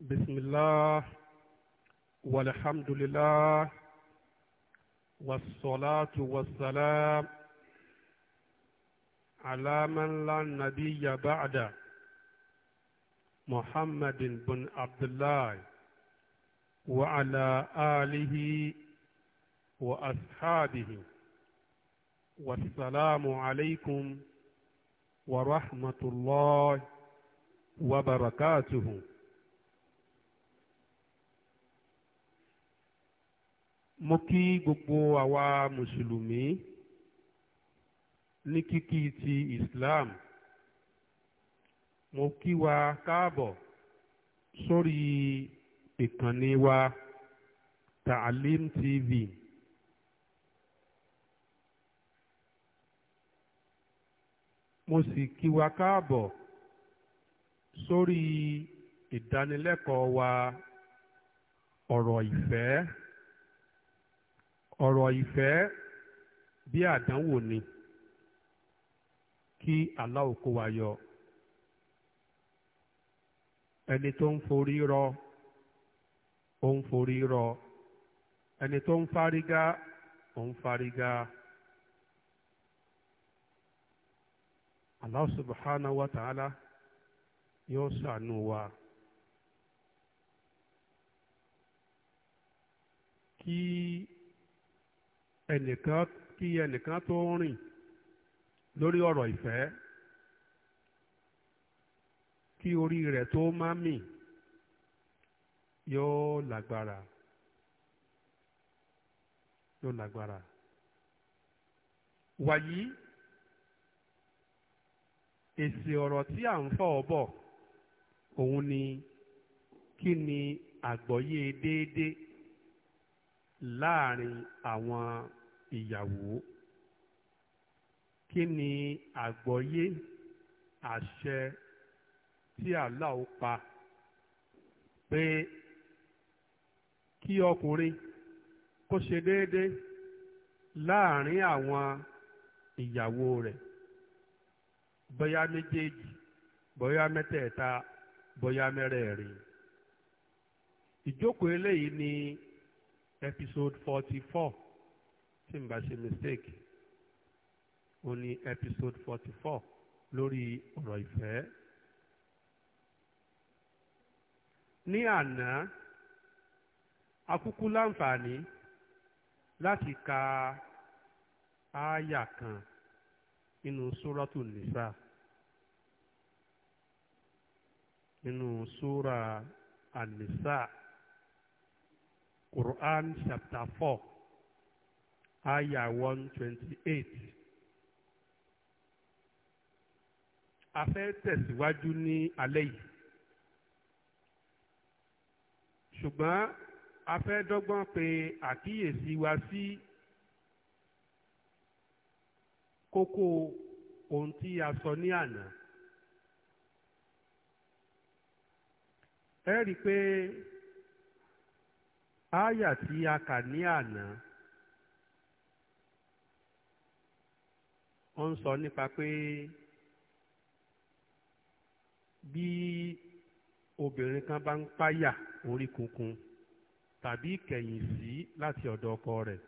بسم الله والحمد لله والصلاة والسلام على من لا نبي بعد محمد بن عبد الله وعلى آله وأصحابه والسلام عليكم ورحمة الله وبركاته mo kí gbogbo àwa mùsùlùmí ní kíkí ti Islam mo kí wa káàbọ̀ sórí ìkànnì wa Ta'alim TV. mo sì kí wa káàbọ̀ sórí ìdánilẹ́kọ̀ọ́ wa ọ̀rọ̀ ìfẹ́ ọ̀rọ̀ ìfẹ́ bí àdánwò ni kí Allah kó wa yọ ẹni tó ń forí rọ ó ń forí rọ ẹni tó ń fárígá ó ń fárígá Allah subhanahu wa ta'ala yóò ṣàánú wa. kí ẹnìkan kí ẹnìkan tó ń rìn lórí ọ̀rọ̀ ìfẹ́ kí orí rẹ̀ tó má mì yóò lágbára yóò lágbára wàyí èsì ọ̀rọ̀ tí à ń fọ̀ bọ̀ òun ni kí ni àgbọ́yé déédéé láàrin àwọn ìyàwó kí ni àgbọ́yé àṣẹ tí Allah pa pé kí ọkùnrin kó ṣe déédéé láàrin àwọn ìyàwó rẹ̀ bóyá méjèèjì bóyá mẹ́tẹ̀ẹ̀ta bóyá mẹ́rẹ̀ẹ̀rin ìjókòó eléyìí ni episode forty four tí n bá ṣe mistake ó ní episode forty four lórí ọ̀rọ̀ ìfẹ́. ní àná akúkú láǹfààní láti ka ááyà kan nínú sóràtù nìsà nínú sóra ànìsà. Quran chapter four ayah one twenty eight. a fẹ́ tẹ̀síwájú ní alẹ́ yìí ṣùgbọ́n a fẹ́ dọ́gbọ́n pé àkíyèsí wa sí kókó ohun tí a sọ ní àná. ẹ rí i pé. Aya tí a kà ní àná ó ń sọ nípa pé bí obìnrin kan bá ń páyà orí kunkun tàbí ìkẹ̀yìn sí láti ọ̀dọ̀ ọkọ rẹ̀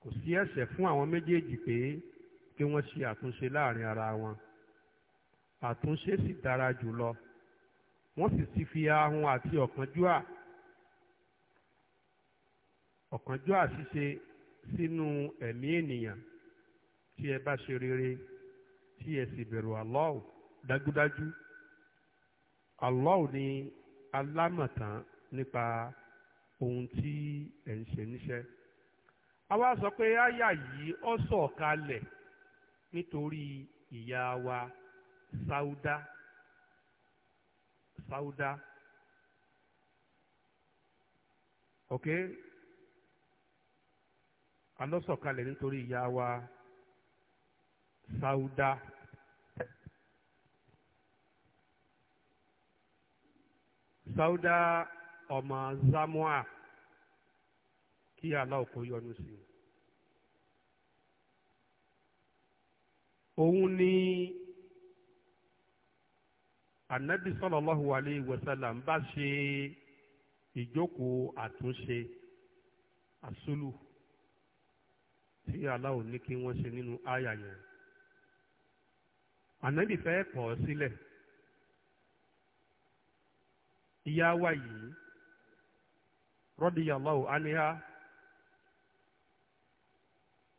kò sí ẹ̀ṣẹ̀ fún àwọn méjèèjì pé kí wọ́n ṣe àtúnṣe láàrin ara wọn àtúnṣe sì dára jùlọ wọ́n sì ti fi ahun àti ọ̀kánjúà ọ̀kánjọ́ àṣìṣe sínú ẹ̀mí ènìyàn tí ẹ bá ṣe rere tí ẹ sì bẹ̀rù Allah dájúdájú Allah ni alámọ̀tán nípa ohun tí ẹ̀ ń ṣe níṣẹ́. àwa sọ pé àyà yìí ó sọ̀kalẹ̀ nítorí ìyá wa Sáúdà Sáúdà ok alọ́sọ̀kalẹ̀ nítorí ìyá wa Sauda Sauda ọmọ Zamua kí aláwọ̀ kò yọ́nú sí i. òun ni anabi sallallahu alayhi wa sallam bá ṣe ìjókòó àtúnṣe àsúlù. tí aláwo ní kí wọ́n ṣe nínú àyà yẹn ànábì fẹ́ kọ̀ ọ́ sílẹ̀ ìyá wa yìí rọ́díyàláwò áníhá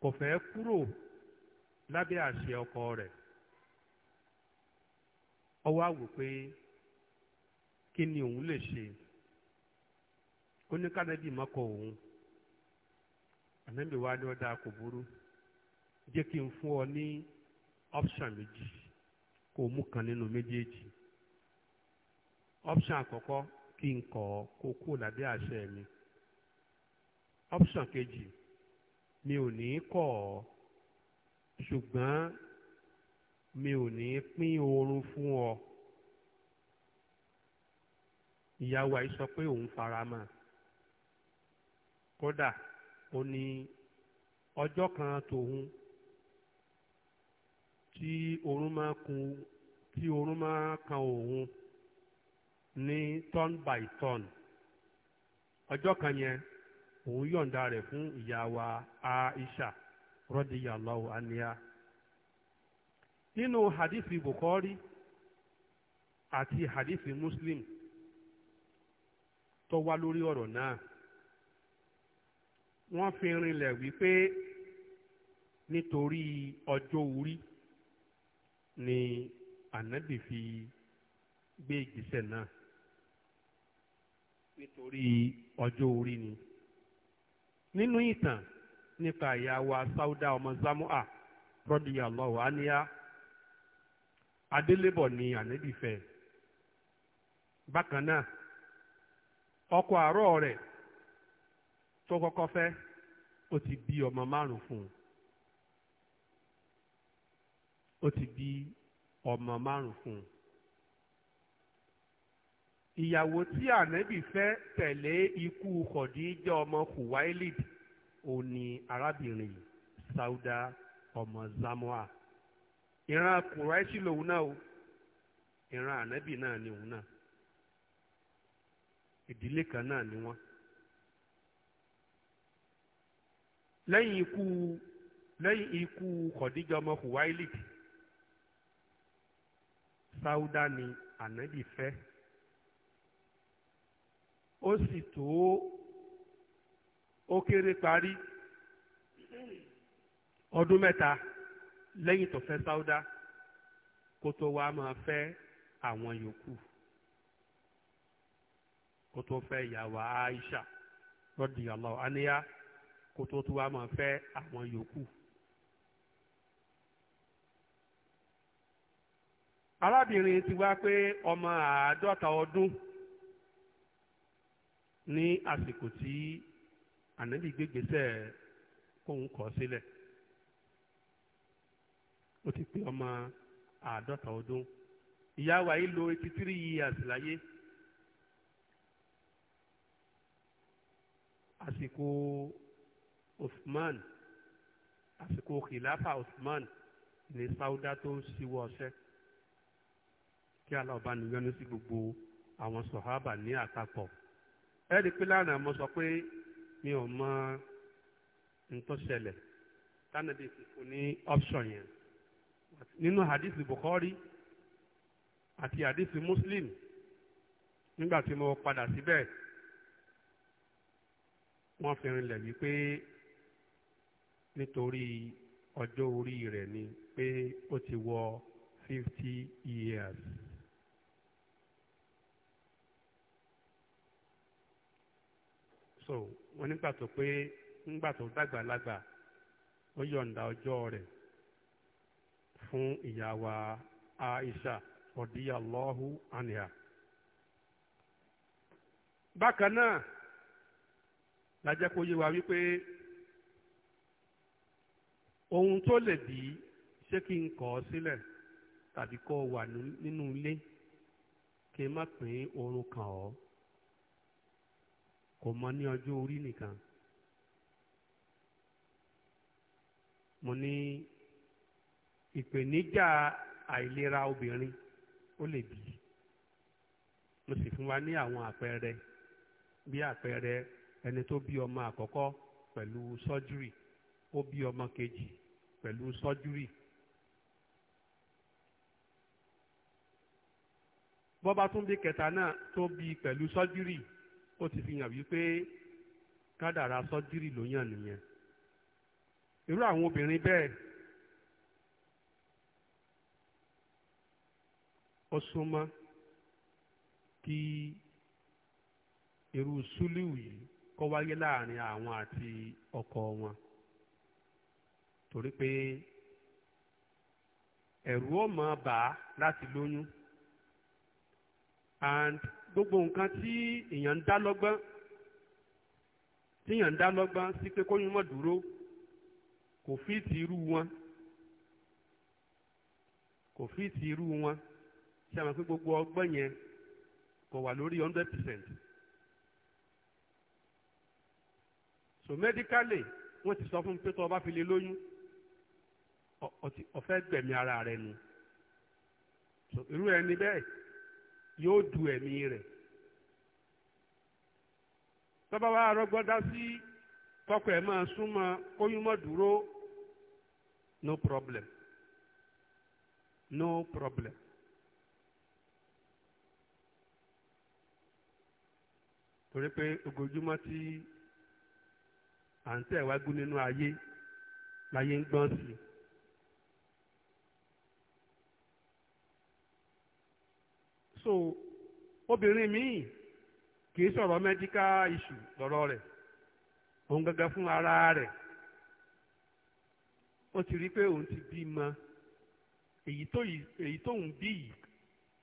kò fẹ́ kúrò lábẹ́ àṣẹ ọkọ rẹ̀ ó wá wò pé kí ni òun lè ṣe ó ní mọ́kọ òun. ànábì wa ni ọ̀dà kò burú kí n fún ọ ní option méjì kó o mú kan nínú méjèèjì option àkọ́kọ́ kí n kọ ọ́ kó o kú lábẹ́ àṣẹ mi option kejì mi ò ní kọ ọ ṣùgbọ́n mi ò ní pín oorun fún ọ ìyàwó àìsọ pé òun fara mọ́ kódà ó ní ọjọ́ kan tòun tí oorun máa kun tí oorun máa kan òun ní turn by turn ọjọ́ kan yẹn òun yọ̀ǹda rẹ̀ fún ìyá wa Aisha radiyallahu anha nínú hadithi bukori àti hadithi Muslim tó wá lórí ọ̀rọ̀ náà. wọ́n fi rinlẹ̀ wípé nítorí ọjọ́ orí ni ànábì fi gbé ìgbésẹ̀ náà nítorí ọjọ́ orí ni. nínú ìtàn nípa ìyá wa sáúdà ọmọ zamua rọ́dìyàlọ́wọ́ àníyá adélébọ̀ ni ànábì fẹ́ bákan náà ọkọ àárọ̀ rẹ̀ tó kọ́kọ́ fẹ́ ó ti bí ọmọ márùn fún un ó ti bí ọmọ márùn fún un ìyàwó tí ànẹ́bì fẹ́ tẹ̀lé ikú Khadija ọmọ Khuwailid ó ní arábìnrin Sauda ọmọ Zamua ìran Quraishi lòun náà o ìran ànẹ́bì náà ni òun náà ìdílé kan náà ni wọ́n. lẹ́yìn ikú lẹ́yìn ikú Khadija ọmọ Khuwailid Sauda ni ànábì fẹ́ ó sì tó ó kéré parí ọdún mẹ́ta lẹ́yìn tó fẹ́ Sauda kó tó wá máa fẹ́ àwọn yòókù kó tó fẹ́ ìyàwó Aisha radiyallahu anha. kó tó tún wá máa fẹ́ àwọn yòókù. arábìnrin ti wá pé ọmọ àádọ́ta ọdún ní àsìkò tí ànábì gbégbèsè kóun kọ̀ sílẹ̀ ó ti pé ọmọ àádọ́ta ọdún ìyá wa lo eighty three years láyé àsìkò Uthman àsìkò kìláfà Uthman ní Sáúdà tó ṣíwọ́ ọṣẹ́ kí aláọba nìyọnu sí gbogbo àwọn sọ̀hábà ní àpapọ̀ ẹ rí i pé lánàá mo sọ pé mi ò mọ ntọ́ṣẹlẹ̀ tánàbí fífún ní option yẹn nínú hadith Bukhari àti hadith Muslim nígbà tí mo padà síbẹ̀ wọ́n fi rinlẹ̀ wípé nítorí ọjọ́ orí rẹ̀ ni pé ó ti wọ fifty years. so wọ́n nígbà tó pé ńgbà tó dàgbàlagbà ó yọ̀ǹda ọjọ́ rẹ̀ fún ìyá wa Aisha ọ̀díyàlọ́hù àníyà. bákan náà la jẹ́ kó yé wa wípé ohun tó lè bí ṣé kí n kọ̀ ọ́ sílẹ̀ tàbí kó o wà nínú ilé kí n má pín oorun kàn ọ́ kò mọ ní ọjọ́ orí nìkan. mo ní ìpèníjà àìlera obìnrin ó lè bí mo sì fún wa ní àwọn àpẹẹrẹ bí àpẹẹrẹ ẹni tó bí ọmọ àkọ́kọ́ pẹ̀lú sọ́júrì ó bí ọmọ kejì pẹ̀lú sọ́júrì. bọ́ba tún bí kẹta náà tó bí pẹ̀lú sọ́júrì ó ti fi hàn wípé kádàrá sọ́júrì ló yàn nìyẹn. irú àwọn obìnrin bẹ́ẹ̀ ó súnmọ́ kí irú súlíù yìí kó wáyé láàrin àwọn àti ọkọ wọn torí pé ẹ̀rù ó máa bà á láti lóyún and gbogbo nǹkan tí èèyàn ń dá lọ́gbọ́n tí èèyàn ń dá lọ́gbọ́n sí pé kóyún mọ́ dúró kò fi ti irú wọn kò fi ti irú wọn ṣe àmọ́ pé gbogbo ọgbọ́n yẹn kò wà lórí hundred percent so medically wọ́n ti sọ fún mi pé tó o bá fi lè lóyún ọ̀fẹ́ gbẹ̀mí ara rẹ̀ ni irú ẹni bẹ́ẹ̀ yóò du ẹ̀mí rẹ̀ tọ́ba wa rọgbọ́dá sí kọ́kọ́ ẹ máa súnmọ́ kóyún mọ́ dúró no problem no problem. torí pé ogójúmọ́ tí à ń tẹ̀ wá gún nínú ayé láyé ń gbọ́n sí i. so obìnrin míì kì í sọ̀rọ̀ medical issue lọ́rọ̀ rẹ̀ òun fún ara rẹ̀ ó ti rí i pé ti bímọ èyí tó èyí bi bí yìí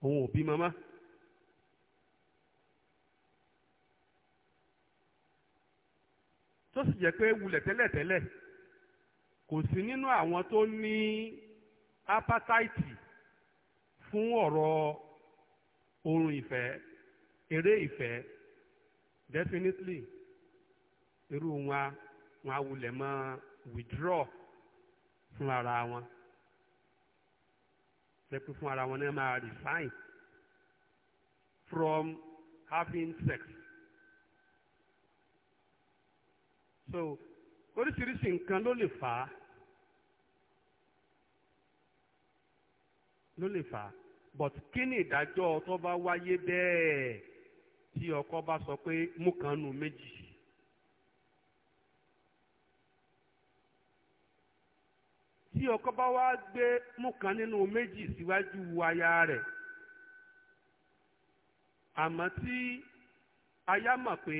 òun ò bímọ mọ́. tó sì jẹ́ pé wulẹ̀ tẹ́lẹ̀tẹ́lẹ̀ kò sí nínú àwọn tó ní fún ọ̀rọ̀ oorun ìfẹ́ eré ìfẹ́ definitely irú wọn wọn á mọ́ withdraw fún ara wọn lẹ́pẹ́ fún ara wọn náà máa refine from having sex. so oríṣiríṣi nǹkan ló lè fà á ló lè fà á. but kí ni ìdájọ́ tó bá wáyé bẹ́ẹ̀ tí ọkọ bá sọ pé mú kan nu méjì. tí ọkọ bá wá gbé mú kan nínú méjì síwájú aya rẹ̀ àmọ́ tí aya mọ̀ pé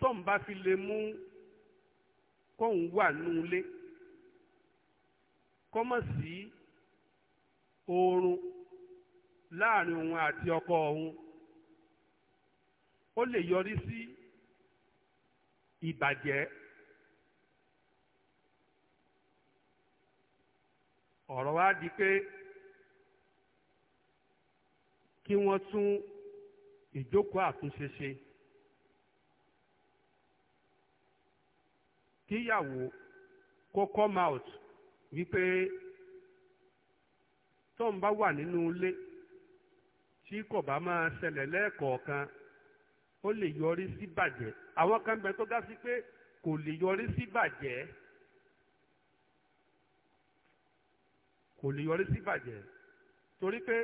tóun bá fi lè mú kóun wà nulẹ̀ kọ́mọ̀ sí oorun láàrin òun àti ọkọ òun ó lè yọrí sí ìbàjẹ́ ọ̀rọ̀ wa di pé kí wọ́n tún ìjókòó àtúnṣe ṣe kíyàwó kó come out wípé tóun bá wà nínú ilé. tí kò bá máa ṣẹlẹ̀ lẹ́ẹ̀kọ̀ọ̀kan ó lè yọrí sí bàjẹ́ àwọn kan bẹ tó ga sí pé kò lè yọrí sí bàjẹ́ kò lè yọrí sí bàjẹ́ torí pé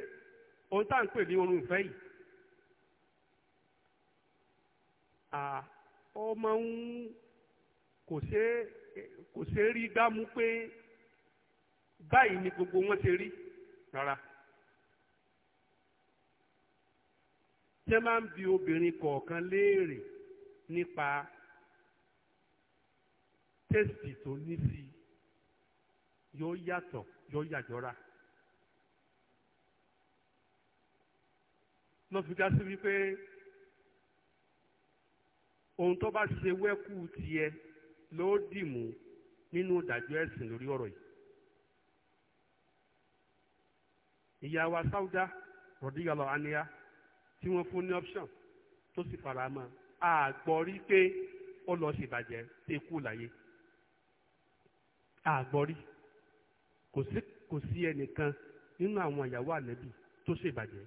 ohun tá à ń pè ní oorun ìfẹ́ yìí à ó máa ń kò ṣe kò ṣe rí gbámú pé báyìí ni gbogbo wọn ṣe rí rárá. tí wọ́n máa ń bi obìnrin kọ̀ọ̀kan léèrè nípa tẹ́sítì tó ní sí yóò yàtọ̀ yóò yàjọ́ra. lọ fi dá sí wípé ohun tó bá ṣe wẹ́kú tiẹ̀ ló dì mú nínú ìdájọ́ ẹ̀sìn lórí ọ̀rọ̀ yìí. ìyá wa sáúdà rọ̀díyàlọ́ àníyá tí wọ́n fún ní option tó sì fara mọ́ àgbọ̀rí pé ó lọ ṣèbàjẹ́ tó kú láyé àgbọ̀rí kò sí ẹnìkan nínú àwọn ìyàwó ànábì tó ṣèbàjẹ́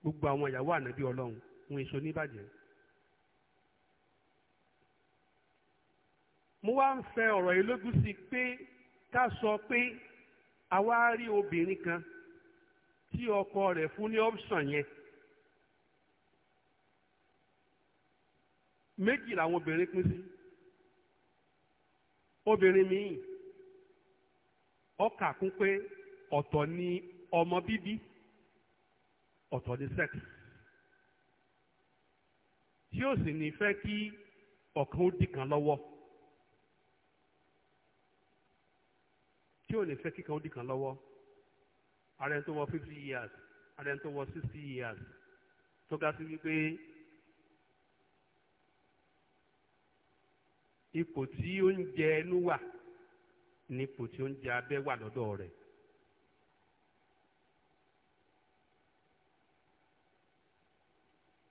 gbogbo àwọn ìyàwó ànábì ọlọ́run wọn èso níbàjẹ́. mo wá ń fẹ́ ọ̀rọ̀ yìí lógún sí pé ká sọ pé a wá rí obìnrin kan tí ọkọ rẹ̀ fún ní option yẹn méjì làwọn obìnrin pín sí obìnrin míì ọkà kún pé ọ̀tọ̀ ni ọmọ bíbí ọ̀tọ̀ ni sex tí ó sì ní fẹ́ kí ọ̀kan ó dì kan lọ́wọ́ tí ò ní fẹ́ kíkan ó dì kan lọ́wọ́. ààrẹ tó wọ fifty years ààrẹ tó wọ sixty years tó ga sí wípé ipò tí oúnjẹ ẹnu wà ní ipò tí oúnjẹ abẹ́ wà lọ́dọ̀ rẹ̀.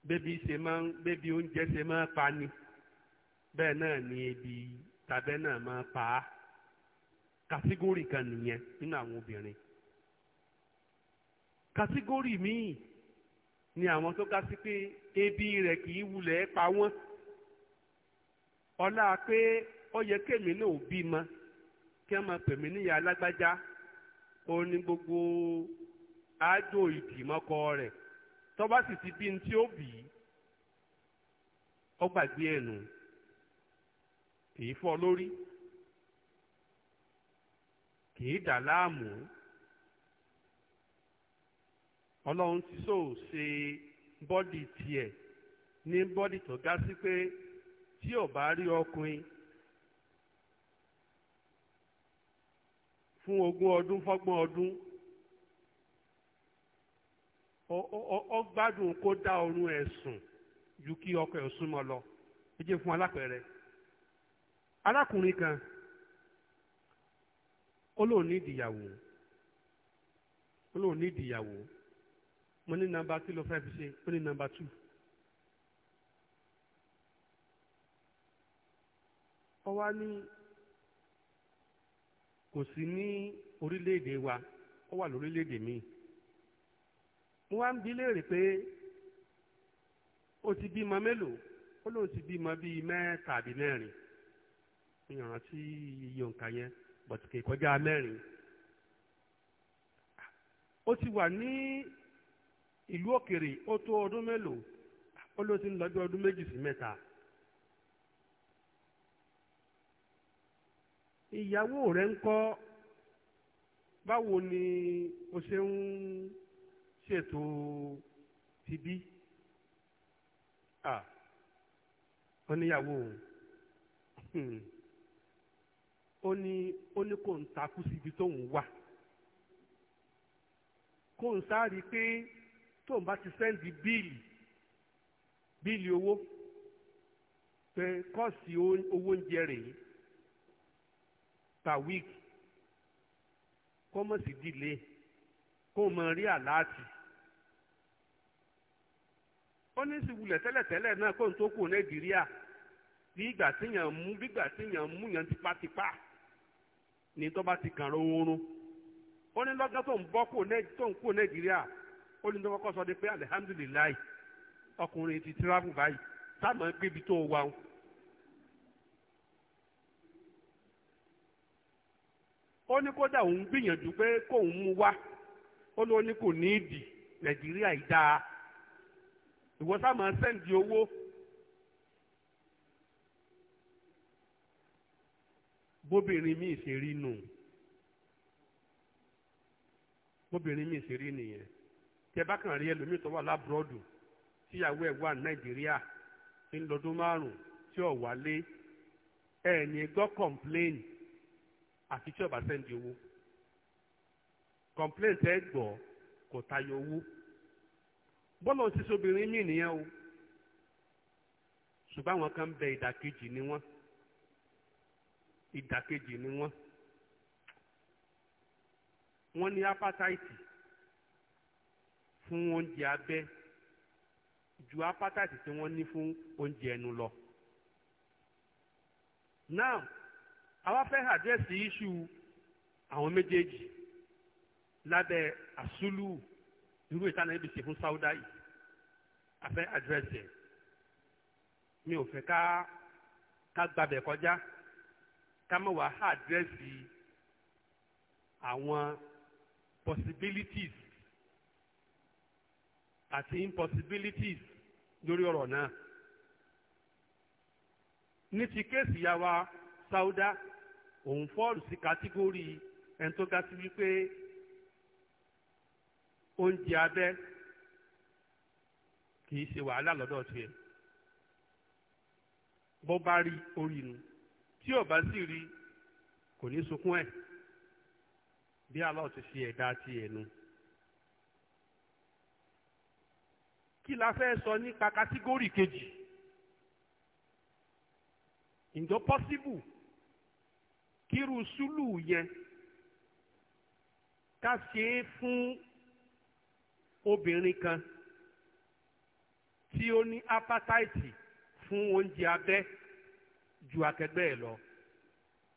bébí ṣe máa ń bébí oúnjẹ ṣe máa ń pa ni náà ni ebi tàbẹ́ náà máa pa á kàtígórì kan nìyẹn nínú àwọn obìnrin. kàtígórì míì ni àwọn tó ká sí pé ebi rẹ̀ kì í wulẹ̀ pa wọ́n ọlá pé ó yẹ kémi náà ò bímọ kí wọ́n máa pèmí níyà alágbájá ó ní gbogbo àádó ìdìmọ́kọ rẹ̀ tó sì ti bí tí ó bì í ó gbàgbé ẹnu kì í fọ́ lórí kì í dà láàmú ọlọ́run ti sò ṣe bọ́dì tiẹ̀ ní bọ́dì tó ga sí pé tí ò bá rí ọkùnrin fún ogún ọdún fọ́gbọ́n ọdún ó gbádùn kó dá oorun ẹ̀ sùn ju kí ọkọ ẹ̀ súnmọ́ lọ ẹ jẹ́ fún alápẹ̀rẹ̀ arákùnrin kan ó lóun ní ìdìyàwó ó lóun ní ìdìyàwó mo ní nọ́mbà kí ló fẹ́ fi ṣe ó ní nọ́mbà two. ó wá ní kò sí ní orílẹ̀-èdè wa ó wà lórílẹ̀-èdè míì mo wá ń bi léèrè pé ó ti bímọ mélòó ó lóun ti bímọ bíi mẹ́ta àbí mẹ́rin mi ò rántí iye òǹkà yẹn bọ̀tùkè kọjá mẹ́rin ó ti wà ní ìlú òkèrè ó tó ọdún mélòó ó ló ti ń lọ bí ọdún méjì sí mẹ́ta. ìyàwó rẹ ń kọ́ báwo ni o ṣe ń ṣètò tibí ó níyàwó òun hmm. ó ní ó ní kò ń takú síbi tóun wà kò ń sáré pé tóun bá ti sẹ́ǹdì bíìlì bíìlì owó pé kọ́ọ̀sì owó oúnjẹ rèé per week kọ́mọ̀sì dìlé kó o mọ̀ rí àláàtì ó ní ìsìwulẹ̀ tẹ́lẹ̀tẹ́lẹ̀ náà kó n tó kù nàìjíríà bí ìgbà tíyàn mú bí ìgbà tíyàn mú yàn tipátipá ní tó bá ti kàn rọ oorun ó ní lọ́gán tó ń bọ́ kù tó kù nàìjíríà ó ní sọ ni pé ọkùnrin ti tíráàbù báyìí táwọn gbébi tó wà ń. ó ní kódà òun gbìyànjú pé kóun mú wá ó ló ní kò ní ìdì nàìjíríà ìdáa ìwọ sáà sẹ́ǹdì owó bóbìnrin tẹ bá kàn rí ẹlòmíì tó wà lábúrọ́dù tíyàwó ẹ̀ wà nàìjíríà ń lọ́dún márùn-ún tí ò wálé ẹ̀ ní gbọ́ kọ̀ǹpléìn àfi tí ọba sẹ́ndì owó kọ̀ǹpléìn tẹ́ gbọ́ kò tayọ owó bọ́lá ń sísọ obìnrin mí nìyẹn o ṣùgbọ́n àwọn kan bẹ ìdàkejì ni wọ́n ìdàkejì ni wọ́n wọ́n ní apátáìtì fún oúnjẹ abẹ́ ju apátàtì tí wọ́n ní fún oúnjẹ ẹnu lọ. now àwa fẹ́ àdírẹ́sì iṣu àwọn méjèèjì lábẹ́ àsúlù irú ìtàn náà ibi ṣe fún sáúdà yìí àfẹ́ àdírẹ́sì ẹ̀ mi ò fẹ́ ká ká gbabẹ̀ kọjá ká mọ̀ wá àdírẹ́sì àwọn possibilities àti impossibilities lórí ọ̀rọ̀ náà ní ti kéèsì ya wa Sáúdà òun fọ́ọ̀lù sí kátígórì ẹni tó ga sí wípé oúnjẹ abẹ́ kì í ṣe wàhálà lọ́dọ̀ tiẹ̀ bó bá rí orí nu tí ò bá sì rí kò ní sunkún ẹ̀ bí aláwọ̀ ti fi ẹ̀dá tiẹ̀ nu. kí la fẹ́ sọ nípa kátígórì kejì ǹjọ́ pọ́síbù kírú sùlù yẹn ká ṣe é fún obìnrin kan tí ó ní apátáìtì fún oúnjẹ abẹ́ ju akẹgbẹ́ ẹ̀ lọ.